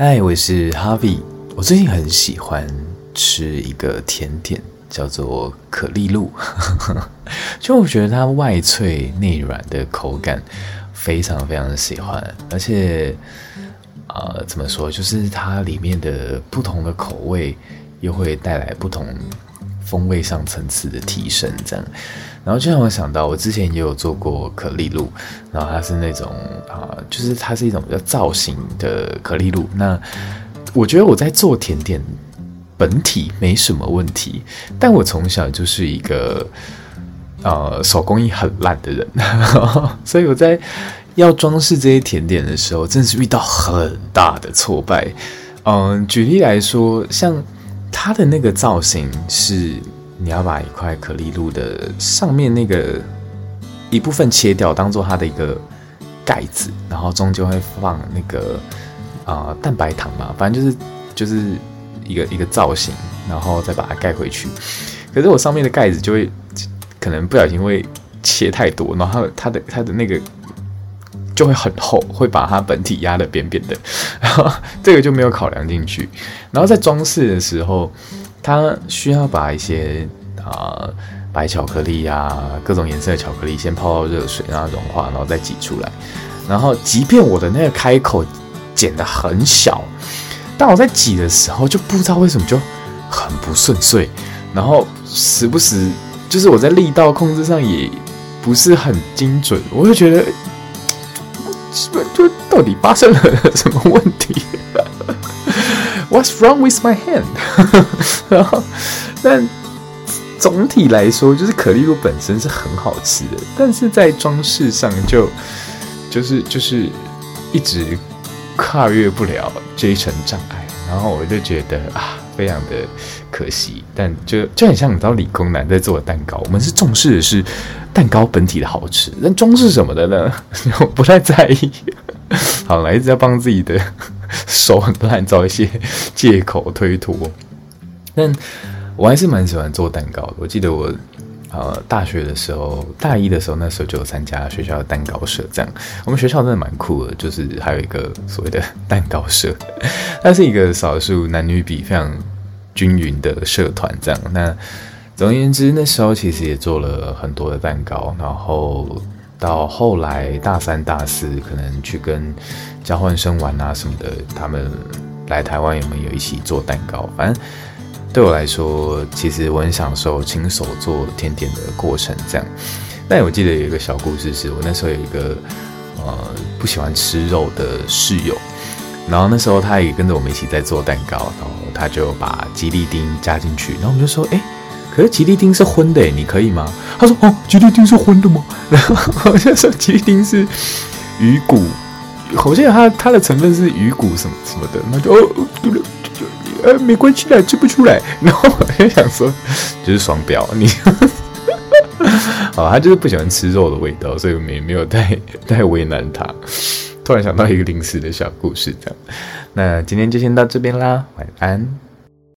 嗨，我是 Harvie。我最近很喜歡吃一個甜點，叫做可麗露。 就我覺得它外脆內軟的口感，非常非常喜歡。而且，呃，怎麼說，就是它裡面的不同的口味，又會帶來不同。風味上層次的提升，這樣，然後就讓我想到，我之前也有做過可麗露，然後它是那種啊、呃，就是它是一種比較造型的可麗露。那我覺得我在做甜點本體沒什麼問題，但我從小就是一個呃手工藝很爛的人， 所以我在要裝飾這些甜點的時候，真的是遇到很大的挫敗。嗯、呃，舉例來說，像。它的那個造型是，你要把一塊可麗露的上面那個一部分切掉，當做它的一個蓋子，然後中間會放那個啊、呃、蛋白糖嘛，反正就是就是一個一個造型，然後再把它蓋回去。可是我上面的蓋子就會可能不小心會切太多，然後它的它的，它的那個。就會很厚，會把它本體壓得扁扁的，然後這個就沒有考量進去。然後在裝飾的時候，它需要把一些啊、呃、白巧克力呀、啊、各種顏色的巧克力先泡到熱水讓它融化，然後再擠出來。然後，即便我的那個開口剪得很小，但我在擠的時候就不知道為什麼就很不順遂，然後時不時就是我在力道控制上也不是很精準，我就覺得。是不是就到底發生了什麼問題？What's wrong with my hand？ 然後，但總體來說，就是可麗露本身是很好吃的，但是在裝飾上就就是就是一直跨越不了這一層障礙，然後我就覺得啊。非常的可惜，但就就很像你知道理工男在做的蛋糕，我們是重視的是蛋糕本體的好吃，但裝飾什麼的呢，我 不太在意。 好啦，了一直要幫自己的手很爛找一些借口推脫。但我還是蠻喜歡做蛋糕的。我記得我、呃、大學的時候，大一的時候，那時候就有參加學校的蛋糕社這樣。我們學校真的蠻酷的，就是還有一個所謂的蛋糕社，它是一個少數男女比非常。均勻的社團這樣，那總而言之，那時候其實也做了很多的蛋糕，然後到後來大三、大四，可能去跟交換生玩啊什麼的，他們來台灣有沒有一起做蛋糕？反正對我來說，其實我很享受親手做甜點的過程這樣。但我記得有一個小故事是，是我那時候有一個呃不喜歡吃肉的室友。然後那時候他也跟着我們一起在做蛋糕，然後他就把吉利丁加進去，然後我們就說，欸、可是吉利丁是葷的、欸，你可以嗎？他說，哦，吉利丁是葷的嗎？然後好像說吉利丁是魚骨，好像他，他的成分是魚骨什麼什麼的，那就哦，就、呃、就，哎、呃，沒關係的，吃不出來。然後我就想說，就是雙標，你，好、哦、他就是不喜歡吃肉的味道，所以沒有沒有太太為難他。突然想到一個臨時的小故事，這樣， 那今天就先到這邊啦，晚安。